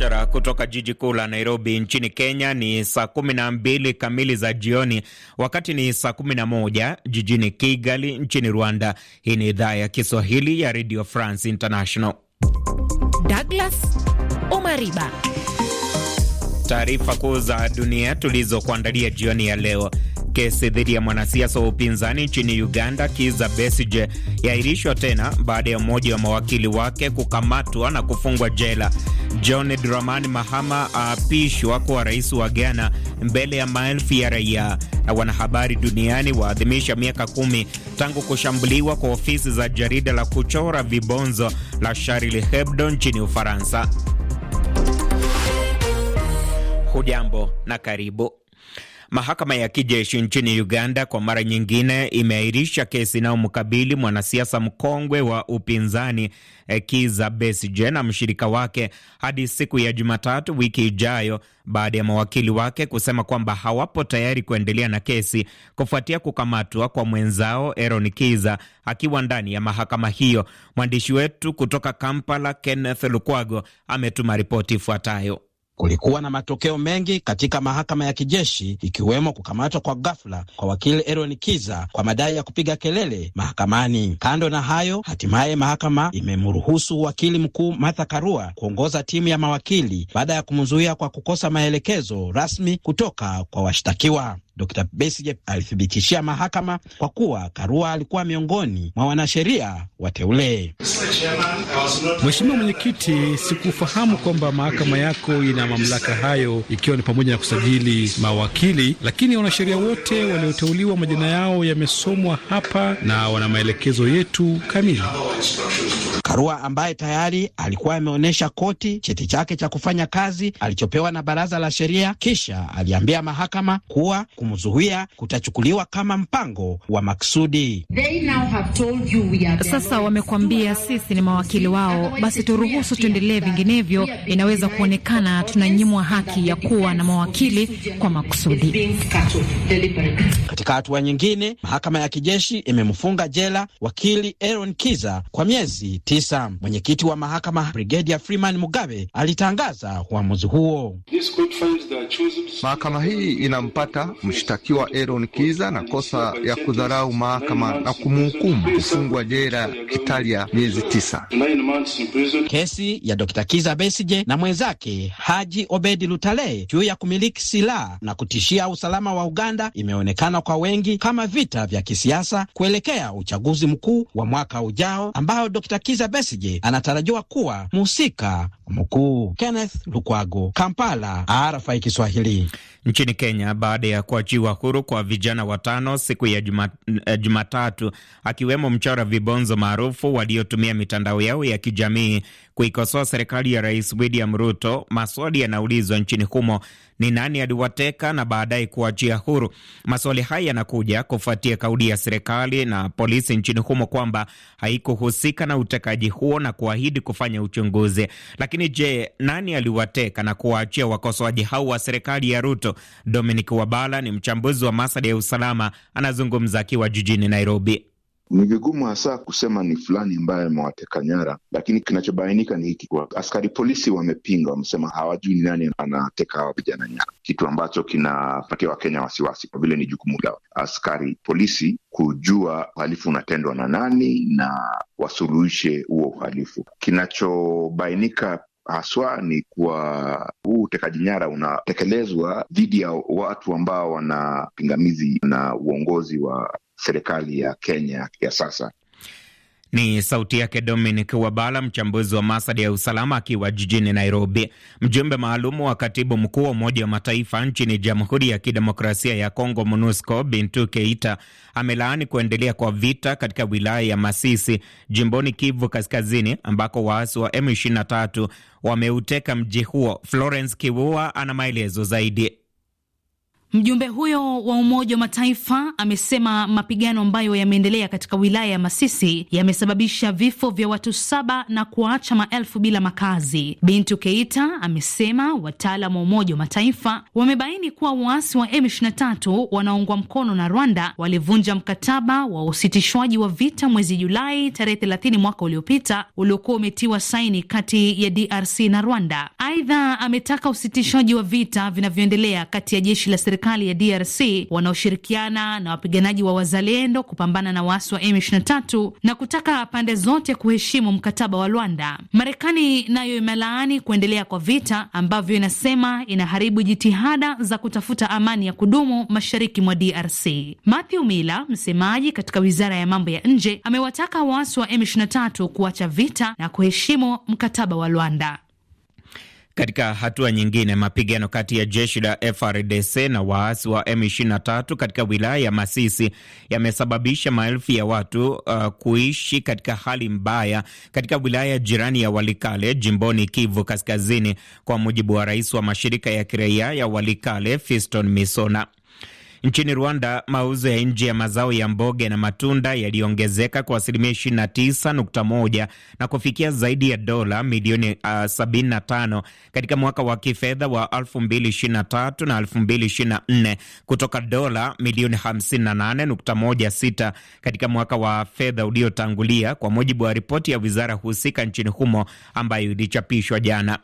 mubashara kutoka jiji kuu la Nairobi nchini Kenya. Ni saa 12 kamili za jioni, wakati ni saa 11 jijini Kigali nchini Rwanda. Hii ni idhaa ya Kiswahili ya Radio France International. Douglas Omariba, taarifa kuu za dunia tulizokuandalia jioni ya leo. Kesi dhidi ya mwanasiasa wa upinzani nchini Uganda Kiza Besige yaahirishwa tena baada ya mmoja wa mawakili wake kukamatwa na kufungwa jela. John Dramani Mahama aapishwa ah, kuwa rais wa Ghana mbele ya maelfu ya raia. na Wanahabari duniani waadhimisha miaka kumi tangu kushambuliwa kwa ofisi za jarida la kuchora vibonzo la Charlie Hebdo nchini Ufaransa. Hujambo na karibu. Mahakama ya kijeshi nchini Uganda kwa mara nyingine imeahirisha kesi inayomkabili mwanasiasa mkongwe wa upinzani eh, Kizza Besigye na mshirika wake hadi siku ya Jumatatu wiki ijayo baada ya mawakili wake kusema kwamba hawapo tayari kuendelea na kesi kufuatia kukamatwa kwa mwenzao Aaron Kizza akiwa ndani ya mahakama hiyo. Mwandishi wetu kutoka Kampala, Kenneth Lukwago, ametuma ripoti ifuatayo. Kulikuwa na matokeo mengi katika mahakama ya kijeshi ikiwemo kukamatwa kwa ghafla kwa wakili Aaron Kiza kwa madai ya kupiga kelele mahakamani. Kando na hayo, hatimaye mahakama imemruhusu wakili mkuu Martha Karua kuongoza timu ya mawakili baada ya kumzuia kwa kukosa maelekezo rasmi kutoka kwa washtakiwa. Dr. Besigye alithibitishia mahakama kwa kuwa Karua alikuwa miongoni mwa wanasheria wateule. Mheshimiwa Mwenyekiti, sikufahamu kwamba mahakama yako ina mamlaka hayo, ikiwa ni pamoja na kusajili mawakili, lakini wanasheria wote walioteuliwa majina yao yamesomwa hapa na wana maelekezo yetu kamili. Karua ambaye tayari alikuwa ameonyesha koti cheti chake cha kufanya kazi alichopewa na baraza la sheria, kisha aliambia mahakama kuwa kum kumzuia kutachukuliwa kama mpango wa maksudi. Sasa wamekwambia sisi ni mawakili wao, basi turuhusu tuendelee, vinginevyo inaweza kuonekana tunanyimwa haki ya kuwa na mawakili kwa makusudi. Katika hatua nyingine, mahakama ya kijeshi imemfunga jela wakili Aaron Kiza kwa miezi tisa. Mwenyekiti wa mahakama Brigedia Freeman Mugabe alitangaza uamuzi huo. Mahakama hii inampata mshtakiwa Aaron Kiza na kosa ya kudharau mahakama na kumhukumu kufungwa jela Italia miezi tisa. Kesi ya Dr. Kiza Besije na mwenzake Haji Obedi Lutale juu ya kumiliki silaha na kutishia usalama wa Uganda imeonekana kwa wengi kama vita vya kisiasa kuelekea uchaguzi mkuu wa mwaka ujao ambao Dr. Kiza Besije anatarajiwa kuwa mhusika mkuu. Kenneth Lukwago, Kampala, RFI Kiswahili. Nchini Kenya baada ya kwa kuachiwa huru kwa vijana watano siku ya eh, Jumatatu juma akiwemo mchora vibonzo maarufu waliotumia mitandao yao ya kijamii kuikosoa serikali ya Rais William Ruto. Maswali yanaulizwa nchini humo ni nani aliwateka na baadaye kuachia huru. Maswali haya yanakuja kufuatia kauli ya serikali na polisi nchini humo kwamba haikuhusika na utekaji huo na kuahidi kufanya uchunguzi. Lakini je, nani aliwateka na kuwaachia wakosoaji hao wa serikali ya Ruto? Dominic Wabala ni ni mchambuzi wa masuala ya usalama, anazungumza akiwa jijini Nairobi. Ni vigumu hasa kusema ni fulani ambaye amewateka nyara, lakini kinachobainika ni hiki: askari polisi wamepinga, wamesema hawajui ni nani anateka hawa vijana nyara, kitu ambacho kinapatia Wakenya wasiwasi, kwa vile ni jukumu la askari polisi kujua uhalifu unatendwa na nani na wasuluhishe huo uhalifu. Kinachobainika haswa ni kuwa huu utekaji nyara unatekelezwa dhidi ya watu ambao wana pingamizi na uongozi wa serikali ya Kenya ya sasa. Ni sauti yake Dominic Wabala, mchambuzi wa masada ya usalama akiwa jijini Nairobi. Mjumbe maalum wa katibu mkuu wa Umoja wa Mataifa nchini Jamhuri ya Kidemokrasia ya Kongo, MONUSCO, Bintu Keita amelaani kuendelea kwa vita katika wilaya ya Masisi jimboni Kivu Kaskazini, ambako waasi wa M23 wameuteka mji huo. Florence Kiwua ana maelezo zaidi. Mjumbe huyo wa Umoja wa Mataifa amesema mapigano ambayo yameendelea katika wilaya ya Masisi yamesababisha vifo vya watu saba na kuacha maelfu bila makazi. Bintu Keita amesema wataalam wa Umoja wa Mataifa wamebaini kuwa waasi wa M23 wanaoungwa mkono na Rwanda walivunja mkataba wa usitishwaji wa vita mwezi Julai tarehe 30 mwaka uliopita uliokuwa umetiwa saini kati ya DRC na Rwanda. Aidha, ametaka usitishwaji wa vita vinavyoendelea kati ya jeshi la serikali serikali ya DRC wanaoshirikiana na wapiganaji wa wazalendo kupambana na waasi wa M23 na kutaka pande zote kuheshimu mkataba wa Luanda. Marekani nayo imelaani kuendelea kwa vita ambavyo inasema inaharibu jitihada za kutafuta amani ya kudumu mashariki mwa DRC. Matthew Miller, msemaji katika wizara ya mambo ya nje, amewataka waasi wa M23 kuacha vita na kuheshimu mkataba wa Luanda. Katika hatua nyingine, mapigano kati ya jeshi la FRDC na waasi wa M23 katika wilaya ya Masisi yamesababisha maelfu ya watu uh, kuishi katika hali mbaya katika wilaya jirani ya Walikale jimboni Kivu Kaskazini, kwa mujibu wa rais wa mashirika ya kiraia ya Walikale Fiston Misona. Nchini Rwanda, mauzo ya nje ya mazao ya mboga na matunda yaliongezeka kwa asilimia 29.1 na kufikia zaidi ya dola milioni uh, 75 katika mwaka wa kifedha wa 2023 na 2024 kutoka dola milioni 58.16 katika mwaka wa fedha uliotangulia, kwa mujibu wa ripoti ya wizara husika nchini humo ambayo ilichapishwa jana.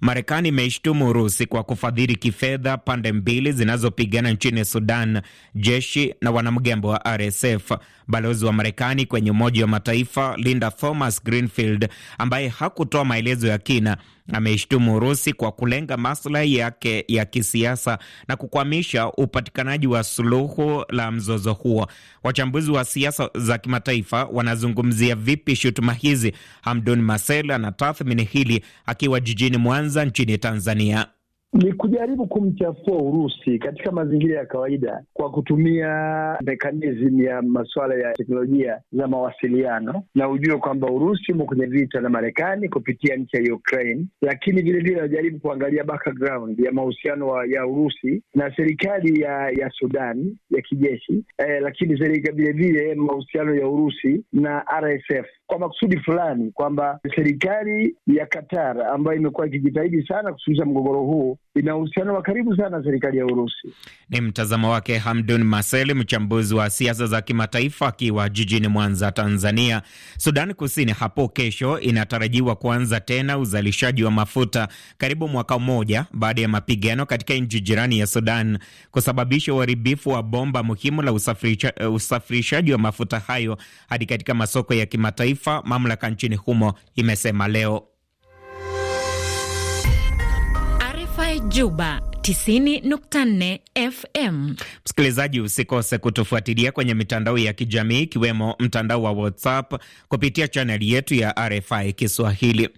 Marekani imeishtumu Urusi kwa kufadhili kifedha pande mbili zinazopigana nchini Sudan, jeshi na wanamgambo wa RSF. Balozi wa Marekani kwenye Umoja wa Mataifa Linda Thomas Greenfield, ambaye hakutoa maelezo ya kina, ameishtumu Urusi kwa kulenga maslahi yake ya kisiasa na kukwamisha upatikanaji wa suluhu la mzozo huo. Wachambuzi wa siasa za kimataifa wanazungumzia vipi shutuma hizi? Hamdun Masel anatathmini hili akiwa jijini Mwanza nchini Tanzania ni kujaribu kumchafua Urusi katika mazingira ya kawaida kwa kutumia mekanizmu ya masuala ya teknolojia za mawasiliano, na ujue kwamba Urusi umo kwenye vita na Marekani kupitia nchi ya Ukraine, lakini vilevile anajaribu kuangalia background ya mahusiano ya Urusi na serikali ya ya Sudan ya kijeshi eh, lakini vilevile mahusiano ya Urusi na RSF kwa makusudi fulani, kwamba serikali ya Qatar ambayo imekuwa ikijitahidi sana kusuluhisha mgogoro huu ina uhusiano wa karibu sana na serikali ya Urusi. Ni mtazamo wake Hamdun Masel, mchambuzi wa siasa za kimataifa akiwa jijini Mwanza, Tanzania. Sudan Kusini hapo kesho inatarajiwa kuanza tena uzalishaji wa mafuta karibu mwaka mmoja baada ya mapigano katika nchi jirani ya Sudan kusababisha uharibifu wa bomba muhimu la usafirishaji usafirisha wa mafuta hayo hadi katika masoko ya kimataifa, mamlaka nchini humo imesema leo. Juba 90.4 FM. Msikilizaji, usikose kutufuatilia kwenye mitandao ya kijamii ikiwemo mtandao wa WhatsApp kupitia chaneli yetu ya RFI Kiswahili.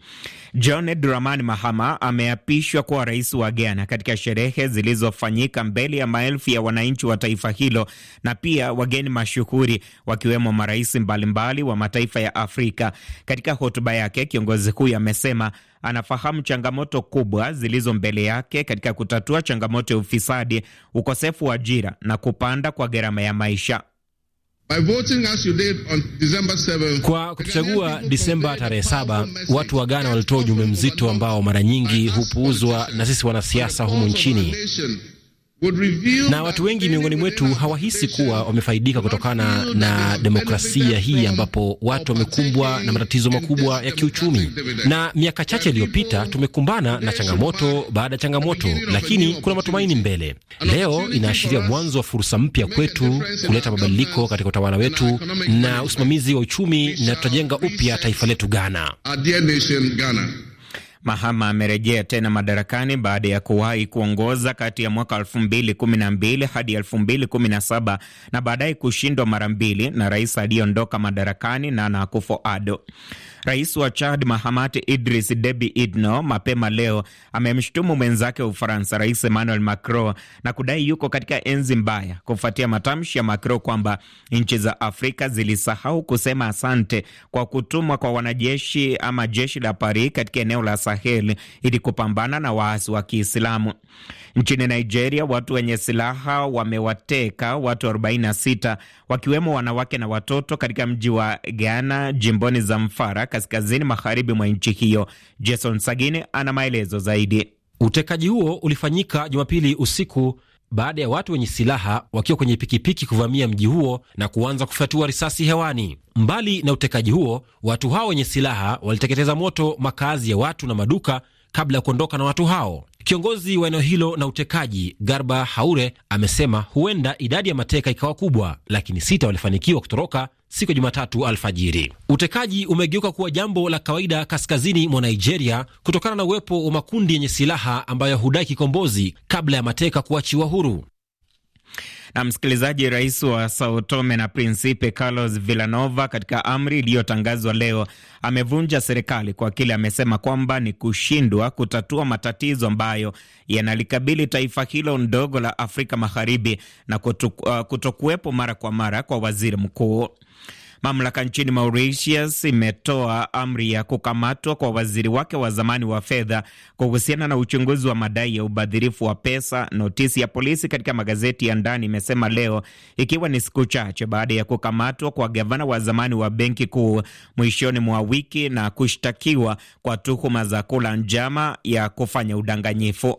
John Dramani Mahama ameapishwa kuwa rais wa Ghana katika sherehe zilizofanyika mbele ya maelfu ya wananchi wa taifa hilo na pia wageni mashuhuri wakiwemo marais mbalimbali wa mataifa ya Afrika. Katika hotuba yake, kiongozi huyu amesema anafahamu changamoto kubwa zilizo mbele yake katika kutatua kutatua changamoto ya ufisadi, ukosefu wa ajira na kupanda kwa gharama ya maisha. By voting as you did on December 7, kwa kutuchagua Disemba tarehe saba, watu wa Ghana walitoa ujumbe mzito ambao mara nyingi hupuuzwa na sisi wanasiasa humu nchini na watu wengi miongoni mwetu hawahisi kuwa wamefaidika kutokana na demokrasia hii, ambapo watu wamekumbwa na matatizo makubwa ya kiuchumi. Na miaka chache iliyopita tumekumbana na changamoto baada ya changamoto, lakini kuna matumaini mbele. Leo inaashiria mwanzo wa fursa mpya kwetu kuleta mabadiliko katika utawala wetu na usimamizi wa uchumi, na tutajenga upya taifa letu Ghana. Mahama amerejea tena madarakani baada ya kuwahi kuongoza kati ya mwaka 2012 hadi 2017 na baadaye kushindwa mara mbili na rais aliyeondoka madarakani Nana Akufo-Addo. Rais wa Chad Mahamat Idris Debi Idno mapema leo amemshutumu mwenzake wa Ufaransa Rais Emmanuel Macron na kudai yuko katika enzi mbaya kufuatia matamshi ya Macron kwamba nchi za Afrika zilisahau kusema asante kwa kutumwa kwa wanajeshi ama jeshi la Paris katika eneo la Sahel ili kupambana na waasi wa Kiislamu. Nchini Nigeria, watu wenye silaha wamewateka watu 46 wakiwemo wanawake na watoto katika mji wa gana jimboni Zamfara, kaskazini magharibi mwa nchi hiyo. Jason Sagini ana maelezo zaidi. Utekaji huo ulifanyika Jumapili usiku baada ya watu wenye silaha wakiwa kwenye pikipiki kuvamia mji huo na kuanza kufyatua risasi hewani. Mbali na utekaji huo, watu hao wenye silaha waliteketeza moto makazi ya watu na maduka kabla ya kuondoka na watu hao. Kiongozi wa eneo hilo na utekaji Garba Haure amesema huenda idadi ya mateka ikawa kubwa, lakini sita walifanikiwa kutoroka siku ya Jumatatu alfajiri. Utekaji umegeuka kuwa jambo la kawaida kaskazini mwa Nigeria kutokana na uwepo wa makundi yenye silaha ambayo hudai kikombozi kabla ya mateka kuachiwa huru. Na msikilizaji, rais wa Sao Tome na Principe Carlos Villanova, katika amri iliyotangazwa leo, amevunja serikali kwa kile amesema kwamba ni kushindwa kutatua matatizo ambayo yanalikabili taifa hilo ndogo la Afrika Magharibi na uh, kutokuwepo mara kwa mara kwa waziri mkuu. Mamlaka nchini Mauritius imetoa amri ya kukamatwa kwa waziri wake wa zamani wa fedha kuhusiana na uchunguzi wa madai ya ubadhirifu wa pesa. Notisi ya polisi katika magazeti ya ndani imesema leo, ikiwa ni siku chache baada ya kukamatwa kwa gavana wa zamani wa benki kuu mwishoni mwa wiki na kushtakiwa kwa tuhuma za kula njama ya kufanya udanganyifu.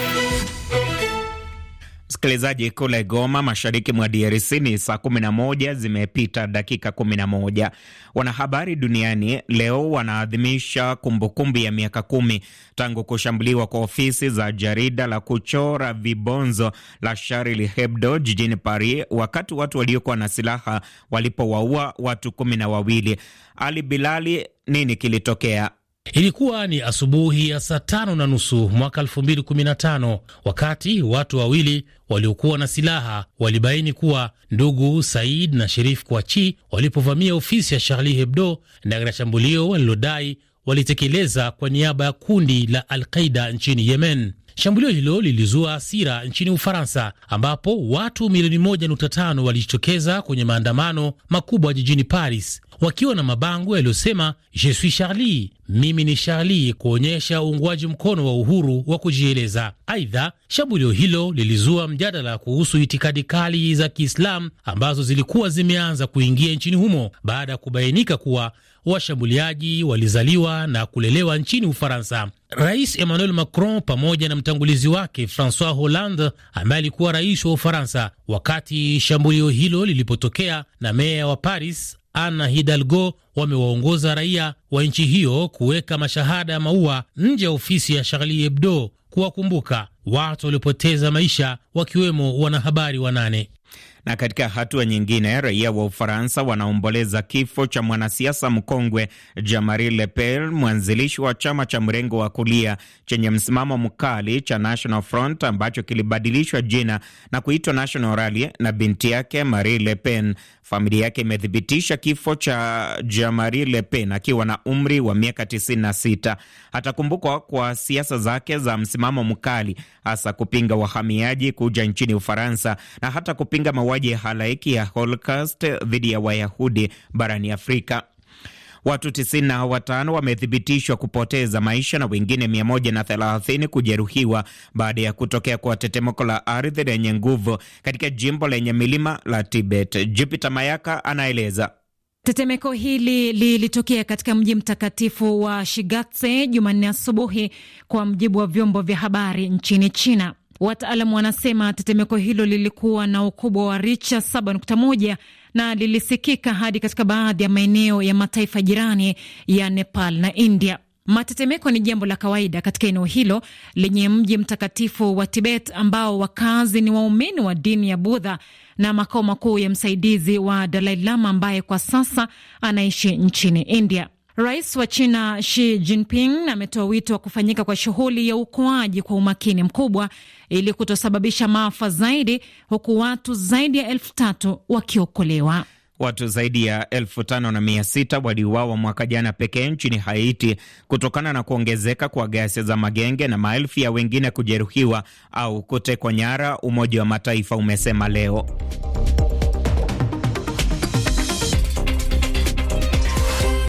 Msikilizaji, kule Goma, mashariki mwa DRC ni saa 11 zimepita dakika 11. Wanahabari duniani leo wanaadhimisha kumbukumbu ya miaka kumi tangu kushambuliwa kwa ofisi za jarida la kuchora vibonzo la Charlie Hebdo jijini Paris, wakati watu waliokuwa na silaha walipowaua watu kumi na wawili. Ali Bilali, nini kilitokea? Ilikuwa ni asubuhi ya saa tano na nusu mwaka tano wakati watu wawili waliokuwa na silaha walibaini kuwa ndugu Said na Sherif Kwachi walipovamia ofisi ya Charlie Hebdo na katika shambulio walilodai walitekeleza kwa niaba ya kundi la Al-Qaida nchini Yemen. Shambulio hilo lilizua hasira nchini Ufaransa, ambapo watu milioni 1.5 walijitokeza kwenye maandamano makubwa jijini Paris wakiwa na mabango yaliyosema Je suis Charlie, mimi ni Charlie, kuonyesha uungwaji mkono wa uhuru wa kujieleza. Aidha, shambulio hilo lilizua mjadala kuhusu itikadi kali za Kiislamu ambazo zilikuwa zimeanza kuingia nchini humo baada ya kubainika kuwa washambuliaji walizaliwa na kulelewa nchini Ufaransa. Rais Emmanuel Macron pamoja na mtangulizi wake Francois Hollande ambaye alikuwa rais wa Ufaransa wakati shambulio hilo lilipotokea, na meya wa Paris ana Hidalgo wamewaongoza raia wa nchi hiyo kuweka mashahada ya maua nje ya ofisi ya Charlie Hebdo kuwakumbuka watu waliopoteza maisha wakiwemo wanahabari wanane. Na katika hatua nyingine, raia wa Ufaransa wanaomboleza kifo cha mwanasiasa mkongwe Jean-Marie Le Pen, mwanzilishi wa chama cha mrengo wa kulia chenye msimamo mkali cha National Front ambacho kilibadilishwa jina na kuitwa National Rally na binti yake Marie Le Pen. Familia yake imethibitisha kifo cha Jean-Marie Le Pen akiwa na umri wa miaka 96. Atakumbukwa kwa siasa zake za msimamo mkali, hasa kupinga wahamiaji kuja nchini Ufaransa na hata kupinga mawa mauaji ya halaiki ya Holocaust dhidi ya Wayahudi barani Afrika. Watu 95 wamethibitishwa kupoteza maisha na wengine 130 kujeruhiwa baada ya kutokea kwa tetemeko la ardhi lenye nguvu katika jimbo lenye milima la Tibet. Jupiter Mayaka anaeleza. Tetemeko hili lilitokea katika mji mtakatifu wa Shigatse Jumanne asubuhi, kwa mjibu wa vyombo vya habari nchini China. Wataalamu wanasema tetemeko hilo lilikuwa na ukubwa wa richa 7.1 na lilisikika hadi katika baadhi ya maeneo ya mataifa jirani ya Nepal na India. Matetemeko ni jambo la kawaida katika eneo hilo lenye mji mtakatifu wa Tibet ambao wakazi ni waumini wa dini ya Budha na makao makuu ya msaidizi wa Dalai Lama ambaye kwa sasa anaishi nchini India. Rais wa China Xi Jinping ametoa wito wa kufanyika kwa shughuli ya uokoaji kwa umakini mkubwa ili kutosababisha maafa zaidi, huku watu zaidi ya elfu tatu wakiokolewa. Watu zaidi ya elfu tano na mia sita waliuawa mwaka jana pekee nchini Haiti kutokana na kuongezeka kwa ghasia za magenge na maelfu ya wengine kujeruhiwa au kutekwa nyara, Umoja wa Mataifa umesema leo.